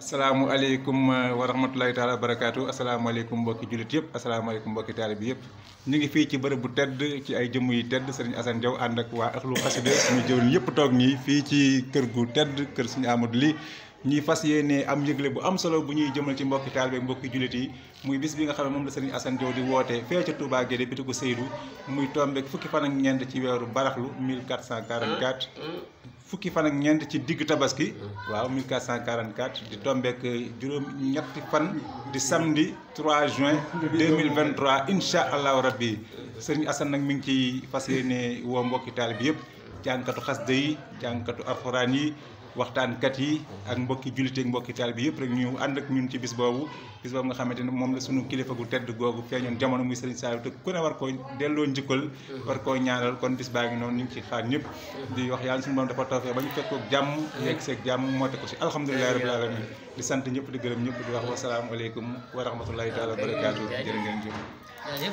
asalaamaaleykum uh, wa rahmatulahi taala wa barakaatu asalaamaaleykum mbokki jullit yëpp asalaamaaleykum mbokki taalib yëpp ñu ngi fii ci bërëb bu tedd ci ay jëmm yu tedd sëriñ Assane Diaw ànd ak waa axlu xasida suñu jëwriñ yëpp toog nii fii ci kër gu tedd kër suñu Amadou li ñuy fas yéene am yëgle bu am solo bu ñuy jëmal ci mbokki taalibe ak mbokki jullit yi muy bis bi nga xam ne moom la sëriñ Assane Diaw di woote fee ca Touba Guédé bitigu Seydou muy tombeek fukki fan ak ñeent ci weeru baraxlu 1444 fukki fan ak ñeent ci digg tabaski. Mm-hmm. waaw 1444 di tombeek juróom ñetti fan di samedi 3 juin 2023 incha allahu rabbi sëriñ Assane nag mi ngi ciy fas yéene woo mbokki taalibe bi yëpp jànkatu xasida yi jànkatu alxuraan yi. waxtaankat yi ak mbokki jullit mbokki taal bi yëpp rek ñu ànd ak ñun ci bis boobu bis boobu nga xamante ne moom la suñu kilifa gu tedd googu feeñoon jamono muy Serigne Saliou te ku ne war koo delloo njëkkal war koo ñaanal kon bis baa ngi noonu ñu ngi ci xaar ñëpp di wax yàlla suñu borom dafa tawfeex ba ñu fekk ak jàmm yegg seeg jàmm moo te ko si alhamdulilahi rabbil alamin di sant ñëpp di gërëm ñëpp di wax wasalaamualeykum wa rahmatullahi taala wa barakaatu jërë ngeen jëf